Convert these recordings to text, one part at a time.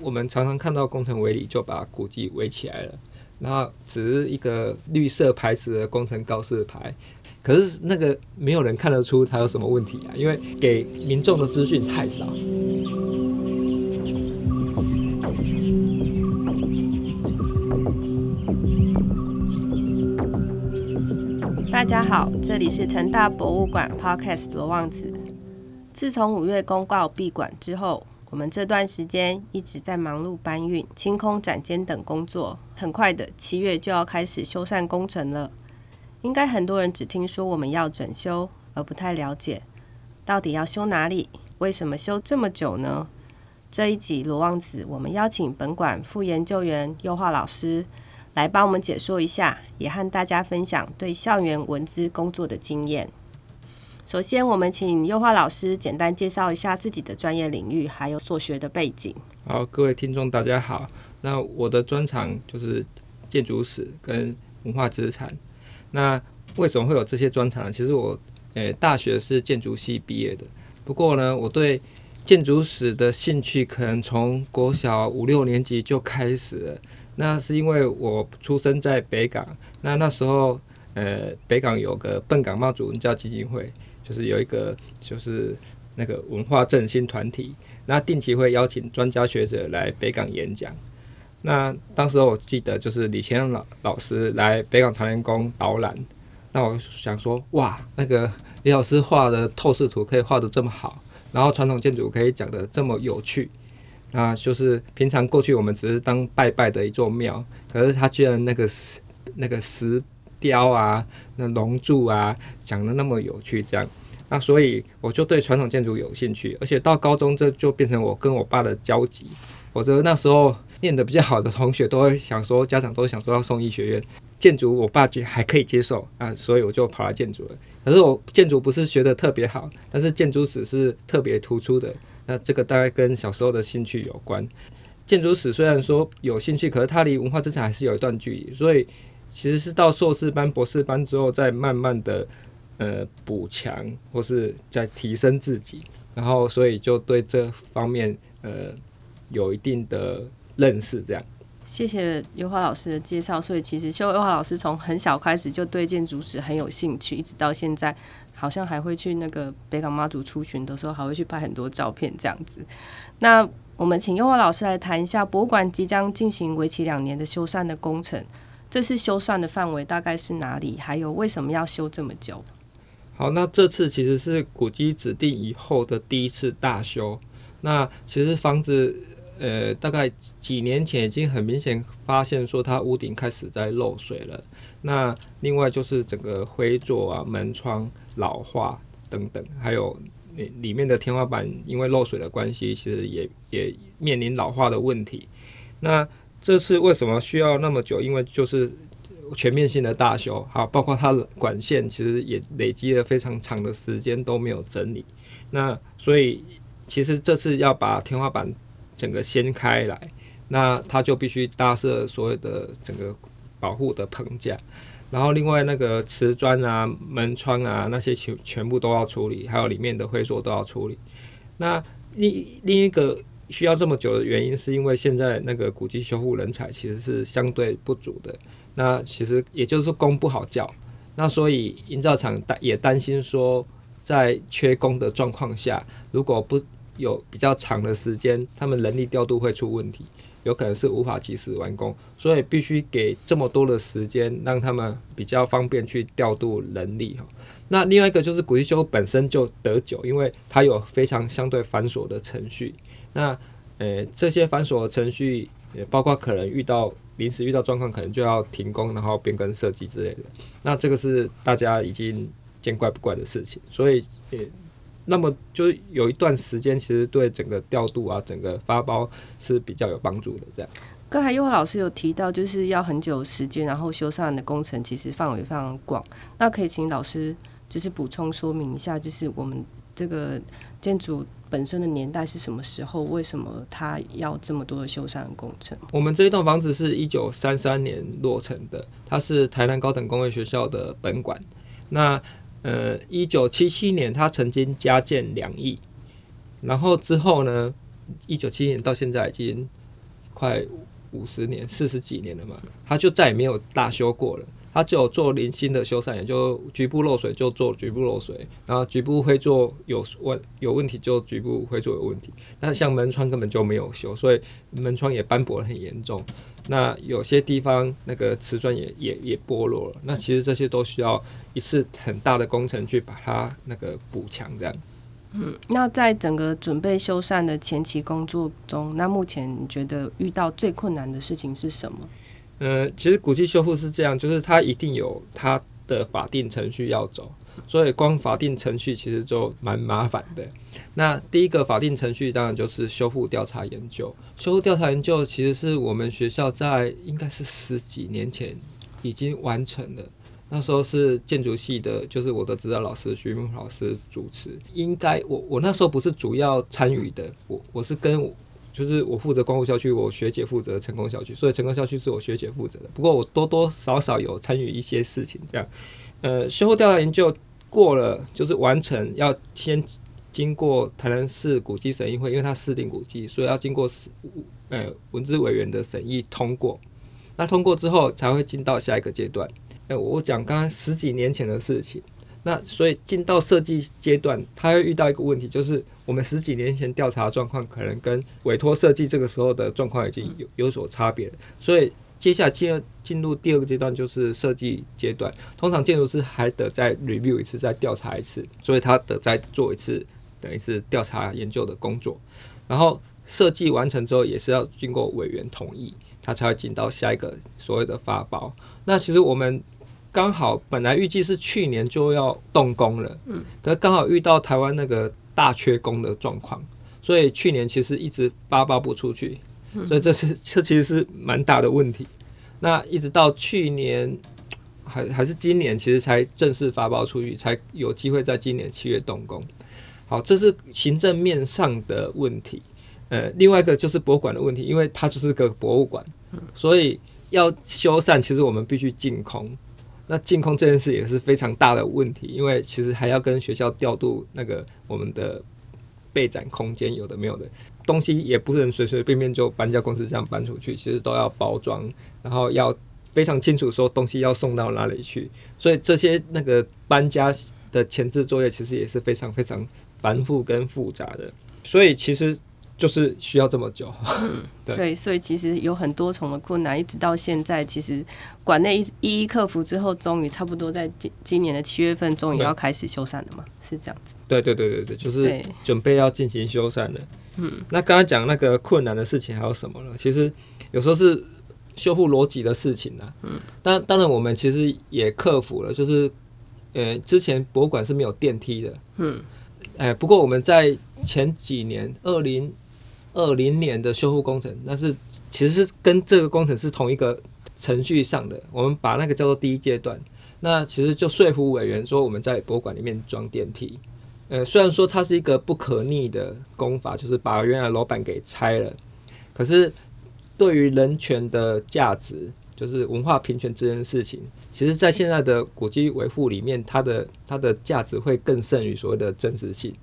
我們常常看到工程圍籬就把古蹟圍起來了，然後只是一個綠色牌子的工程告示牌，可是那個沒有人看得出它有什麼問題啊，因為給民眾的資訊太少。大家好，這裡是成大博物館 Podcast 羅望子。自從五月公告閉館之後，我們這段時間一直在忙碌搬運、清空、展間等工作，很快的七月就要開始修繕工程了。應該很多人只聽說我們要整修，而不太了解到底要修哪裡，為什麼修這麼久呢？這一集羅望子，我們邀請本館副研究員侑樺老師來幫我們解說一下，也和大家分享對校園文資工作的經驗。首先，我們請侑樺老師簡單介紹一下自己的專業領域，還有所學的背景。好，各位聽眾，大家好。那我的專長就是建築史跟文化資產。那為什麼會有這些專長？其實我呃大學是建築系畢業的，不過呢，我對建築史的興趣可能從國小五六年級就開始了。那是因為我出生在北港，那那時候呃北港有個笨港媽祖文教基金會。就是有一個就是那個文化振興團體，那定期會邀請專家學者來北港演講。那當時我記得就是李先生老師來北港長聯宮導覽，那我想說，哇，那個李老師畫的透視圖可以畫的這麼好，然後傳統建築可以講的這麼有趣。那就是平常過去我們只是當拜拜的一座廟，可是他居然那個石那個石雕啊，那龍柱啊，講的那麼有趣，這樣。那所以我就對傳統建築有興趣，而且到高中這就變成我跟我爸的交集。我覺得那時候念得比較好的同學都會想說，家長都會想說要送醫學院，建築我爸就還可以接受啊，所以我就跑來建築了。可是我建築不是學得特別好，但是建築史是特別突出的。那這個大概跟小時候的興趣有關。建築史雖然說有興趣，可是它離文化資產還是有一段距離，所以其實是到碩士班、博士班之後再慢慢的。呃，補強或是在提升自己，然後所以就對這方面呃有一定的認識。這樣，謝謝侑樺老師的介紹。所以其實修侑樺老師從很小開始就對建築史很有興趣，一直到現在，好像還會去那個北港媽祖出巡的時候，還會去拍很多照片這樣子。那我們請侑樺老師來談一下，博物館即將進行為期兩年的修繕的工程，這次修繕的範圍大概是哪裡？還有為什麼要修這麼久？好，那這次其實是古蹟指定以後的第一次大修。那其實房子，呃，大概幾年前已經很明顯發現說它屋頂開始在漏水了。那另外就是整個灰作啊、門窗老化等等，還有裡裡面的天花板，因為漏水的關係，其實也也面臨老化的問題。那這次為什麼需要那麼久？因為就是。全面性的大修，好，包括它的管線，其實也累積了非常長的時間都沒有整理。那所以，其實這次要把天花板整個掀開來，那它就必須搭設所有的整個保護的棚架。然後，另外那個瓷磚啊、門窗啊那些全全部都要處理，還有裡面的灰作都要處理。那另另一個需要這麼久的原因，是因為現在那個古蹟修復人才其實是相對不足的。那其實也就是說工不好叫，那所以營造廠也擔心說，在缺工的狀況下，如果不有比較長的時間，他們人力調度會出問題，有可能是無法及時完工，所以必須給這麼多的時間，讓他們比較方便去調度人力哈。那另外一個就是古蹟修本身就得久，因為它有非常相對繁瑣的程序。那呃，這些繁瑣的程序，也包括可能遇到。臨時遇到狀況，可能就要停工，然後變更設計之類的。那這個是大家已經見怪不怪的事情，所以，欸、那麼就有一段時間，其實對整個調度啊，整個發包是比較有幫助的。這樣，剛才侑樺老師有提到，就是要很久時間，然後修繕的工程其實範圍非常廣。那可以請老師就是補充說明一下，就是我們。這個建築本身的年代是什麼時候？為什麼它要這麼多的修繕工程？我們這一棟房子是一九三三年落成的，它是台南高等工業學校的本館。那呃，一九七七年它曾經加建兩翼，然後之後呢，一九七七年到現在已經快五十年、四十幾年了嘛，它就再也沒有大修過了。它只有做零星的修繕，也就局部漏水就做局部漏水，然後局部會做有問有問題就局部會做有問題。那像門窗根本就沒有修，所以門窗也斑駁得很嚴重。那有些地方那個瓷磚也也也剝落了。那其實這些都需要一次很大的工程去把它那個補強，這樣。嗯，那在整個準備修繕的前期工作中，那目前你覺得遇到最困難的事情是什麼？嗯，其實古蹟修復是這樣，就是它一定有它的法定程序要走，所以光法定程序其實就蠻麻煩的。那第一個法定程序當然就是修復調查研究，修復調查研究其實是我們學校在應該是十幾年前已經完成了，那時候是建築系的，就是我的指導老師徐明老師主持，應該我我那時候不是主要參與的，我我是跟。就是我負責光復校區，我學姐負責成功校區，所以成功校區是我學姐負責的。不過我多多少少有參與一些事情，這樣。呃，修護調查研究過了，就是完成，要先經過台南市古蹟審議會，因為它市定古蹟，所以要經過市呃文資委員的審議通過。那通過之後才會進到下一個階段。呃，我講剛剛十幾年前的事情，那所以進到設計階段，它會遇到一個問題，就是。我們十幾年前調查狀況，可能跟委托設計這個時候的狀況已經有有所差別，所以接下來進進入第二個階段，就是設計階段。通常建築師還得再 review 一次，再調查一次，所以他得再做一次等於是調查研究的工作。然後設計完成之後，也是要經過委員同意，他才會進到下一個所謂的發包。那其實我們剛好本來預計是去年就要動工了，嗯，可剛好遇到台灣那個。大缺工的狀況，所以去年其實一直發包不出去，所以這是這其實是蠻大的問題。那一直到去年，還還是今年，其實才正式發包出去，才有機會在今年七月動工。好，這是行政面上的問題。呃，另外一個就是博物館的問題，因為它就是個博物館，所以要修繕，其實我們必須淨空。那淨空這件事也是非常大的問題，因為其實還要跟學校調度那個我們的備展空間有的沒有的東西，也不能隨隨便便就搬家公司這樣搬出去，其實都要包裝，然後要非常清楚說東西要送到哪裡去，所以這些那個搬家的前置作業其實也是非常非常繁複跟複雜的，所以其實。就是需要這麼久。嗯，對，對，所以其實有很多重的困難，一直到現在，其實館內一一一克服之後，終於差不多在今今年的七月份，終於要開始修繕了嘛，Okay. 是這樣子。對對對對對，就是準備要進行修繕了。嗯，那剛剛講那個困難的事情還有什麼呢？嗯、其實有時候是修復邏輯的事情呢，啊。嗯，但當然我們其實也克服了，就是呃，之前博物館是沒有電梯的。嗯，哎、欸，不過我們在前幾年二零。二零年的修復工程，那是其實是跟這個工程是同一個程序上的，我們把那個叫做第一階段。那其實就說服委員說我們在博物館裡面裝電梯，呃，雖然說它是一個不可逆的工法，就是把原來樓板給拆了，可是對於人權的價值，就是文化平權這件事情，其實在現在的古蹟維護裡面，它的它的價值會更勝於所謂的真實性。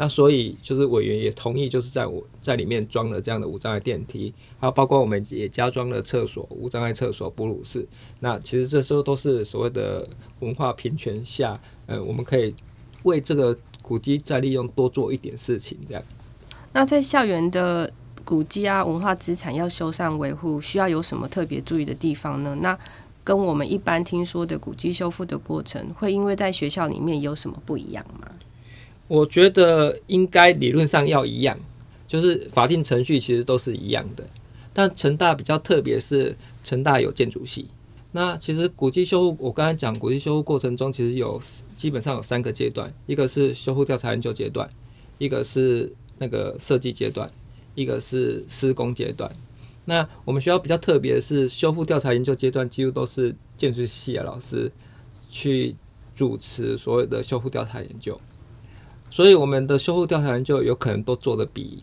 那所以就是委員也同意，就是在我在裡面裝了這樣的無障礙電梯，還、啊、有包括我們也加裝了廁所無障礙廁所、哺乳室。那其實這時候都是所謂的文化平權下，呃、嗯，我們可以為這個古蹟再利用多做一點事情，這樣。那在校園的古蹟啊、文化資產要修繕維護，需要有什麼特別注意的地方呢？那跟我們一般聽說的古蹟修復的過程，會因為在學校裡面有什麼不一樣嗎？我覺得應該理論上要一樣，就是法定程序其實都是一樣的，但成大比較特別是成大有建築系，那其實古蹟修復我剛才講古蹟修復過程中其實有基本上有三個階段，一個是修復調查研究階段，一個是那個設計階段，一個是施工階段。那我們學校比較特別的是修復調查研究階段，幾乎都是建築系的老師去主持所有的修復調查研究。所以我們的修復調查員就有可能都做得比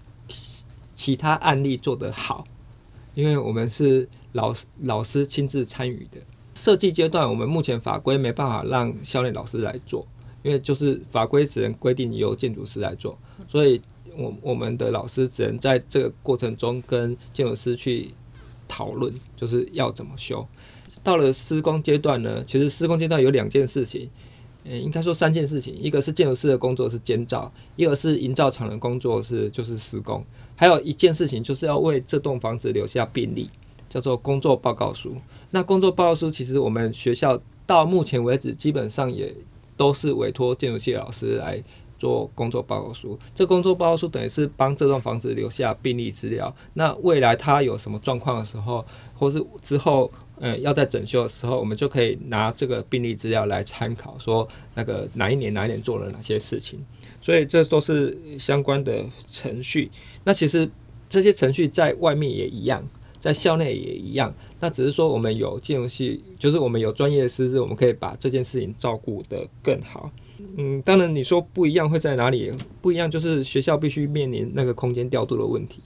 其他案例做得好，因為我們是老師老師親自參與的設計階段，我們目前法規沒辦法讓校內老師來做，因為就是法規只能規定由建築師來做，所以我我們的老師只能在這個過程中跟建築師去討論，就是要怎麼修。到了施工階段呢，其實施工階段有兩件事情。應該說三件事情，一個是建築師的工作是監造，一個是營造廠的工作是就是施工，還有一件事情就是要為這棟房子留下病歷，叫做工作報告書。那工作報告書其實我們學校到目前為止基本上也都是委托建築系老師來做工作報告書。這工作報告書等於是幫這棟房子留下病歷資料，那未來它有什麼狀況的時候，或是之後。嗯，要在整修的時候，我們就可以拿這個病歷資料來參考，說那個哪一年哪一年做了哪些事情，所以這都是相關的程序。那其實這些程序在外面也一樣，在校內也一樣。那只是說我們有建築系，就是我們有專業的師資，我們可以把這件事情照顧得更好。嗯，當然你說不一樣會在哪裡？不一樣就是學校必須面臨那個空間調度的問題。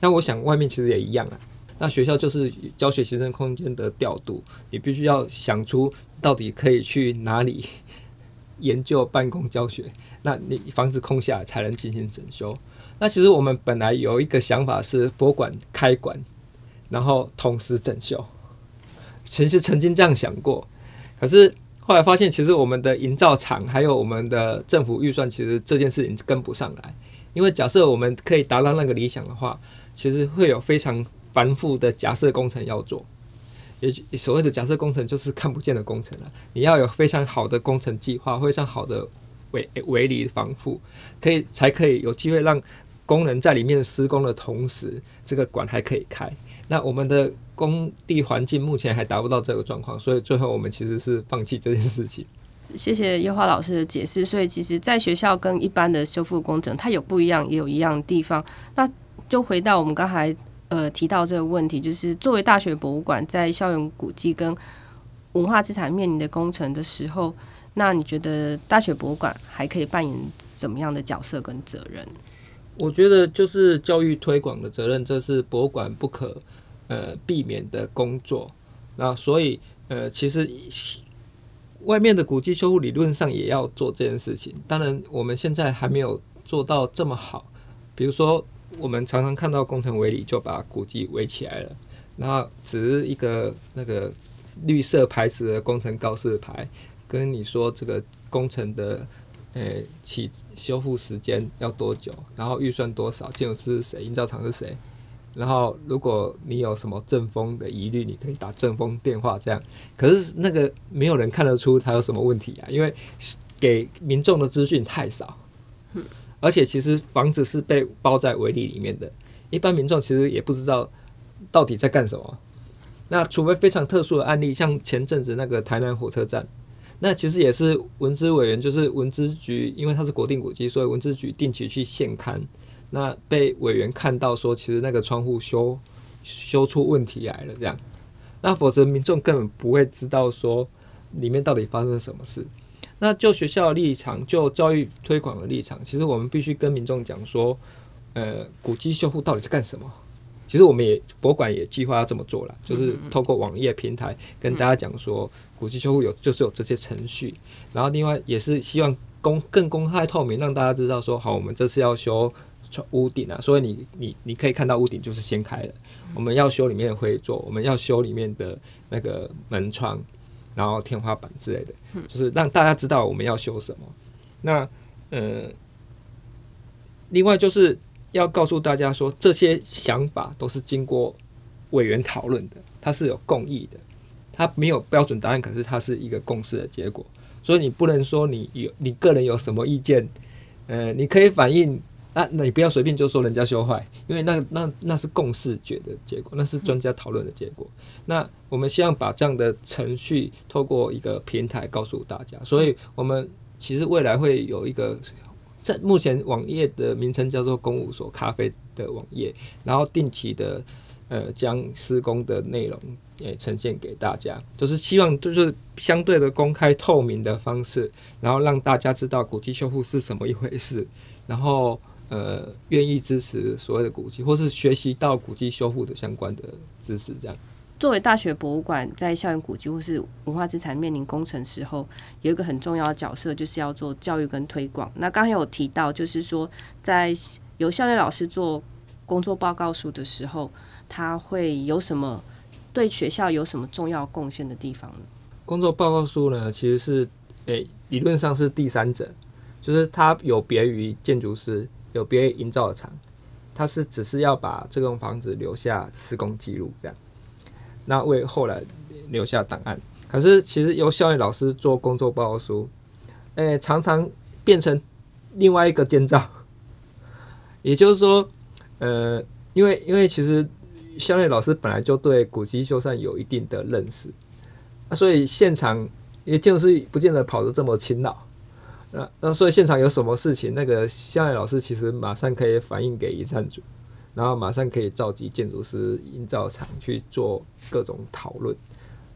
那我想外面其實也一樣啊。那學校就是教學行政空間的調度，你必須要想出到底可以去哪裡研究辦公教學，那你房子空下來才能進行整修。那其實我們本來有一個想法是博物館開館，然後同時整修，其實曾經這樣想過，可是後來發現，其實我們的營造廠還有我們的政府預算，其實這件事情跟不上來。因為假設我們可以達到那個理想的話，其實會有非常。繁複的假設工程要做，也所謂的假設工程就是看不見的工程了、啊。你要有非常好的工程計劃，非常好的圍圍籬防護，可以才可以有機會讓工人在裡面施工的同時，這個館還可以開。那我們的工地環境目前還達不到這個狀況，所以最後我們其實是放棄這件事情。謝謝侑樺老師的解釋。所以其實，在學校跟一般的修復工程，它有不一樣，也有一樣的地方。那就回到我們剛才。呃，提到這個問題，就是作為大學博物館，在校園古蹟跟文化資產面臨的工程的時候，那你覺得大學博物館還可以扮演什麼樣的角色跟責任？我覺得就是教育推廣的責任，這是博物館不可，呃，避免的工作。那所以呃，其實外面的古蹟修復理論上也要做這件事情，當然我們現在還沒有做到這麼好，比如說。我們常常看到工程圍籬就把古蹟圍起來了，然後只是一個那個綠色牌子的工程告示牌，跟你說這個工程的誒、欸、起修復時間要多久，然後預算多少，建築師是誰，營造廠是誰。然後如果你有什麼政風的疑慮，你可以打政風電話這樣。可是那個沒有人看得出他有什麼問題啊，因為給民眾的資訊太少。嗯而且其實房子是被包在圍籬裡面的，一般民眾其實也不知道到底在幹什麼。那除非非常特殊的案例，像前陣子那個台南火車站，那其實也是文資委員，就是文資局，因為它是國定古蹟，所以文資局定期去現勘。那被委員看到說，其實那個窗戶修修出問題來了，這樣。那否則民眾根本不會知道說裡面到底發生什麼事。那就學校的立場，就教育推廣的立場，其實我們必須跟民眾講說，呃，古蹟修復到底是幹什麼？其實我們也博物館也計劃要這麼做了，就是透過網頁平台跟大家講說，古蹟修復有就是有這些程序、嗯，然後另外也是希望公更公開透明，讓大家知道說，好，我們這次要修屋頂啊，所以你你你可以看到屋頂就是掀開了，我們要修裡面的灰作，我們要修裡面的那個門窗。然後天花板之類的、嗯，就是讓大家知道我們要修什麼。那嗯、呃，另外就是要告訴大家說，這些想法都是經過委員討論的，它是有共意的，它沒有標準答案，可是它是一個共識的結果。所以你不能說你有你個人有什麼意見，呃，你可以反映，啊，那你不要隨便就說人家修壞，因為那那那，那是共識決的結果，那是專家討論的結果，嗯。那我們希望把這樣的程序透過一個平台告訴大家，所以我們其實未來會有一個在目前網頁的名稱叫做“公務所咖啡”的網頁，然後定期的呃將施工的內容也呈現給大家，就是希望就是相對的公開透明的方式，然後讓大家知道古蹟修復是什麼一回事，然後。呃，願意支持所謂的古蹟，或是學習到古蹟修復的相關的知識，這樣。作為大學博物館，在校園古蹟或是文化資產面臨工程時候，有一個很重要的角色，就是要做教育跟推廣。那剛才有提到，就是說，在由校內老師做工作報告書的時候，他會有什麼對學校有什麼重要貢獻的地方呢？工作報告書呢，其實是誒、欸，理論上是第三者，就是它有別於建築師。有別於營造廠，他是只是要把這棟房子留下施工記錄，這樣，那為後來留下檔案。可是其實由校內老師做工作報告書，哎、欸，常常變成另外一個建造。也就是說，呃，因為因為其實校內老師本來就對古蹟修繕有一定的認識，所以現場也就是不見得跑得這麼勤勞。那、啊、那所以現場有什麼事情，那個相關老師其實馬上可以反映給營繕組，然後馬上可以召集建築師、營造廠去做各種討論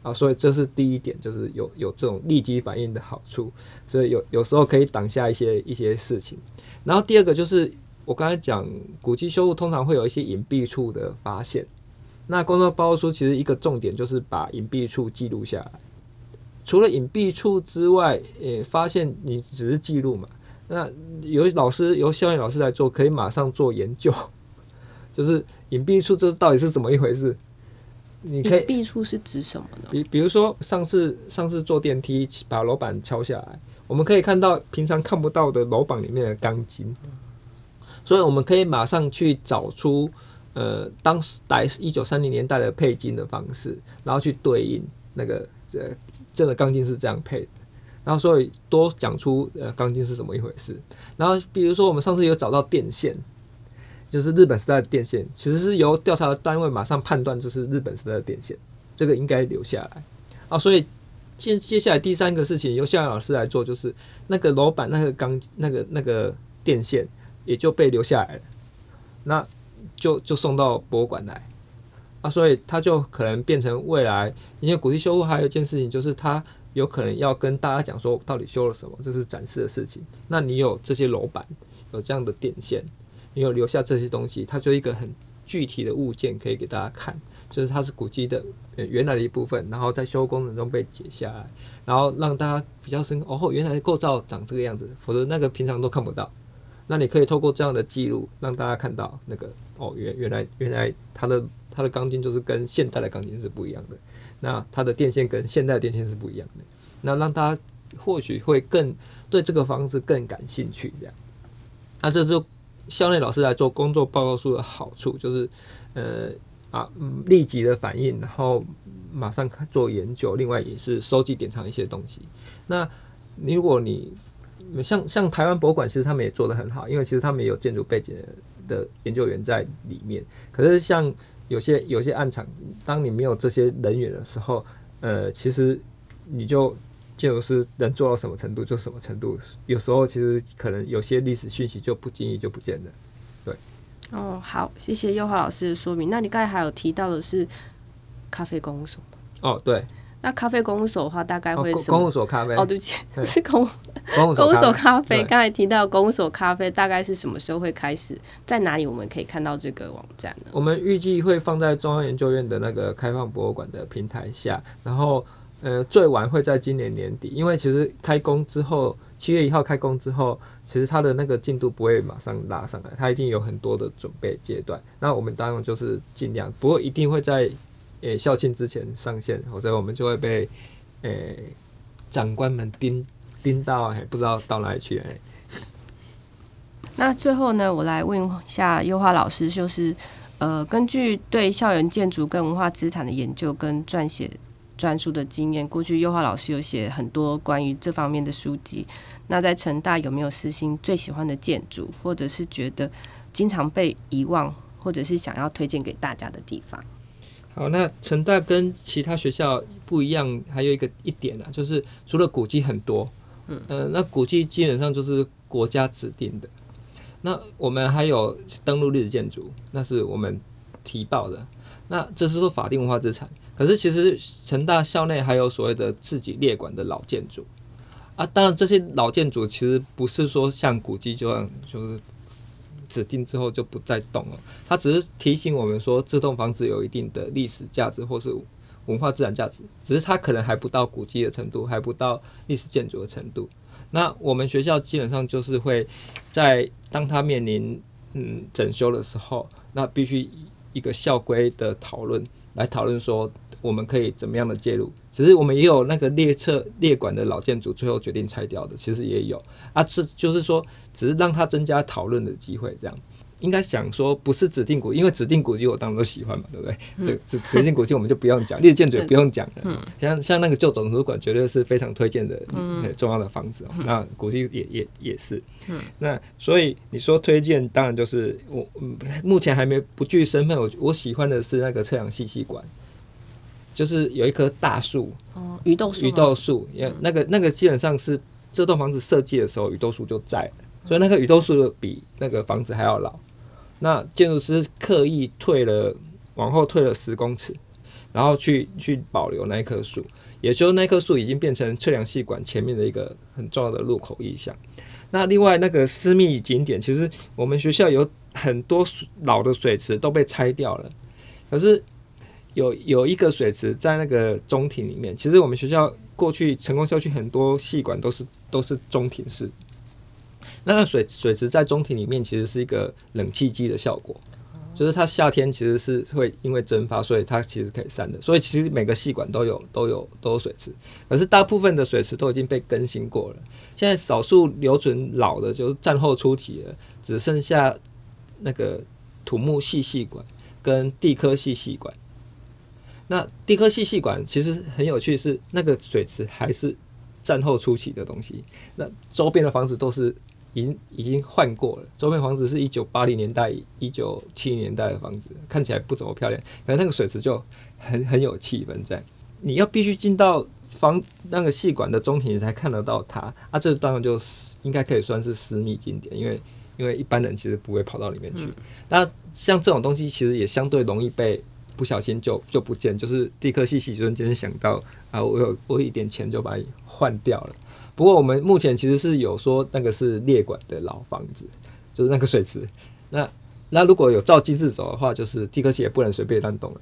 啊。所以這是第一點，就是有有這種立即反應的好處。所以有有時候可以擋下一些一些事情。然後第二個就是我剛才講古蹟修復通常會有一些隱蔽處的發現，那工作報告書其實一個重點就是把隱蔽處記錄下來。除了隱蔽處之外，也發現你只是記錄嘛？那由老師由校園老師來做，可以馬上做研究，就是隱蔽處這到底是怎麼一回事？隱蔽處是指什麼的？比比如說上次上次做電梯，把樓板敲下來，我們可以看到平常看不到的樓板裡面的鋼筋，所以我們可以馬上去找出呃當時在一九三零年代的配筋的方式，然後去對應那個這個。真的鋼筋是這樣配的，然後所以多講出呃鋼筋是怎麼一回事。然後比如說我們上次有找到電線，就是日本時代的電線，其實是由調查的單位馬上判斷這是日本時代的電線，這個應該留下來啊。所以接接下來第三個事情由夏老師來做，就是那個樓板那個鋼那個那個電線也就被留下來了，那就就送到博物館來。那、啊、所以它就可能變成未來，因為古蹟修復還有一件事情，就是它有可能要跟大家講說，到底修了什麼，這是展示的事情。那你有這些樓板，有這樣的電線，你有留下這些東西，它就一個很具體的物件可以給大家看，就是它是古蹟的、呃、原來的一部分，然後在修工程中被解下來，然後讓大家比較深哦，哦，原來構造長這個樣子，否則那個平常都看不到。那你可以透過這樣的記錄，讓大家看到那個哦，原原來原來它的。它的鋼筋就是跟現代的鋼筋是不一樣的，那它的電線跟現代的電線是不一樣的，那讓他或許會更對這個房子更感興趣。這樣，那、啊、這是校內老師來做工作報告書的好處，就是呃啊立即的反應，然後馬上做研究，另外也是收集典藏一些東西。那你如果你像像台灣博物館，其實他們也做得很好，因為其實他們也有建築背景的研究員在裡面。可是像有些有些案場，當你沒有這些人員的時候，呃，其實你就就是能做到什麼程度就什麼程度。有時候其實可能有些歷史訊息就不經意就不見了，對。哦，好，謝謝侑樺老師的說明。那你剛才還有提到的是咖啡公所嗎？哦，對。那咖啡公所的話，大概會是什麼？哦、公務所咖啡？哦，對不起，嗯、是公務。公所咖啡，剛才提到公所咖啡大概是什麼時候會開始，在哪裡我們可以看到這個網站呢？我們預計會放在中央研究院的那個開放博物館的平台下，然後呃最晚會在今年年底，因為其實開工之後七月一號開工之後，其實它的那個進度不會馬上拉上來，它一定有很多的準備階段。那我們當然就是盡量，不過一定會在誒、呃、校慶之前上線，否則我們就會被誒、呃、長官們盯。聽到還、欸，不知道到哪裡去哎、欸。那最後呢，我來問一下侑樺老師，就是呃，根據對校園建築跟文化資產的研究跟撰寫專書的經驗，過去侑樺老師有寫很多關於這方面的書籍。那在成大有沒有私心最喜歡的建築，或者是覺得經常被遺忘，或者是想要推薦給大家的地方？好，那成大跟其他學校不一樣，還有一個一點啊，就是除了古蹟很多。嗯、呃，那古蹟基本上就是國家指定的。那我們還有登錄歷史建築，那是我們提報的。那這是說法定文化資產。可是其實成大校內還有所謂的自己列管的老建築啊。當然這些老建築其實不是說像古蹟這樣，就是指定之後就不再動了。它只是提醒我們說，這棟房子有一定的歷史價值，或是。文化自然價值，只是它可能還不到古蹟的程度，還不到歷史建築的程度。那我們學校基本上就是會在當它面臨嗯整修的時候，那必須以一個校規的討論來討論說我們可以怎麼樣的介入。只是我們也有那個列冊列管的老建築，最後決定拆掉的，其實也有啊。這就是說，只是讓它增加討論的機會，這樣。應該想說不是指定古，因為指定古蹟我當然都喜歡嘛，對不對？嗯、這指定古蹟我們就不用講，歷史 建築也不用講了。像像那個舊總圖書館，絕對是非常推薦的，嗯嗯、重要的房子。那古蹟也也也是。嗯、那所以你說推薦，當然就是我目前還沒不具身份。我我喜歡的是那個測量系系館，就是有一棵大樹，哦，雨豆樹，雨豆樹，因為那個那個基本上是這棟房子設計的時候，雨豆樹就在。所以那個雨豆樹比那個房子還要老，那建築師刻意退了，往後退了十公尺，然後去去保留那一棵樹，也就是那棵樹已經變成測量系館前面的一個很重要的入口意象。那另外那個私密景點，其實我們學校有很多老的水池都被拆掉了，可是有有一個水池在那個中庭裡面，其實我們學校過去成功校區很多系館都是都是中庭式。那個水水池在中庭裡面其實是一個冷氣機的效果，就是它夏天其實是會因為蒸發，所以它其實可以散熱。所以其實每個系館都有都有都有水池，可是大部分的水池都已經被更新過了。現在少數留存老的，就是戰後初期的，只剩下那個土木系系館跟地科系系館。那地科系系館其實很有趣，是那個水池還是戰後初期的東西。那周邊的房子都是。已經已經換過了，周邊房子是一九八零年代、一九七零年代的房子，看起來不怎麼漂亮，可是那個水池就很很有氣氛在。你要必須進到房那個系館，的中庭才看得到它啊，這當然就是應該可以算是私密景點，因為因為一般人其實不會跑到裡面去。那、嗯、像這種東西其實也相對容易被不小心就就不見，就是地科系系主任想到啊，我有我一點錢就把換掉了。不過我們目前其實是有說那個是列管的老房子，就是那個水池。那那如果有照機制走的話，就是地科系也不能隨便亂動，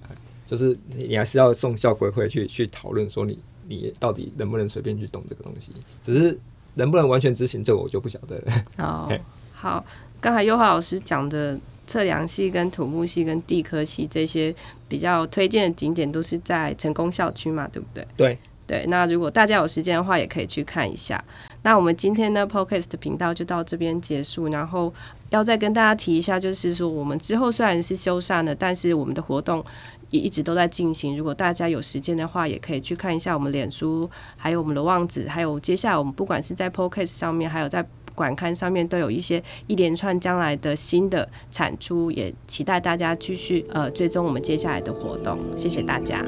就是你還是要送校規會去去討論，說你你到底能不能隨便去動這個東西。只是能不能完全執行，這個我就不曉得了。哦、oh，好，剛才侑樺老師講的測量系、跟土木系、跟地科系這些比較推薦的景點，都是在成功校區嘛，對不對？對。對，那如果大家有時間的話，也可以去看一下。那我們今天呢 Podcast 的頻道就到這邊結束。然後要再跟大家提一下，就是說我們之後雖然是修繕的，但是我們的活動也一直都在進行。如果大家有時間的話，也可以去看一下我們臉書，還有我們的網子。還有接下來我們不管是在 Podcast 上面，還有在館刊上面，都有一些一連串將來的新的產出，也期待大家繼續呃追蹤我們接下來的活動。謝謝大家。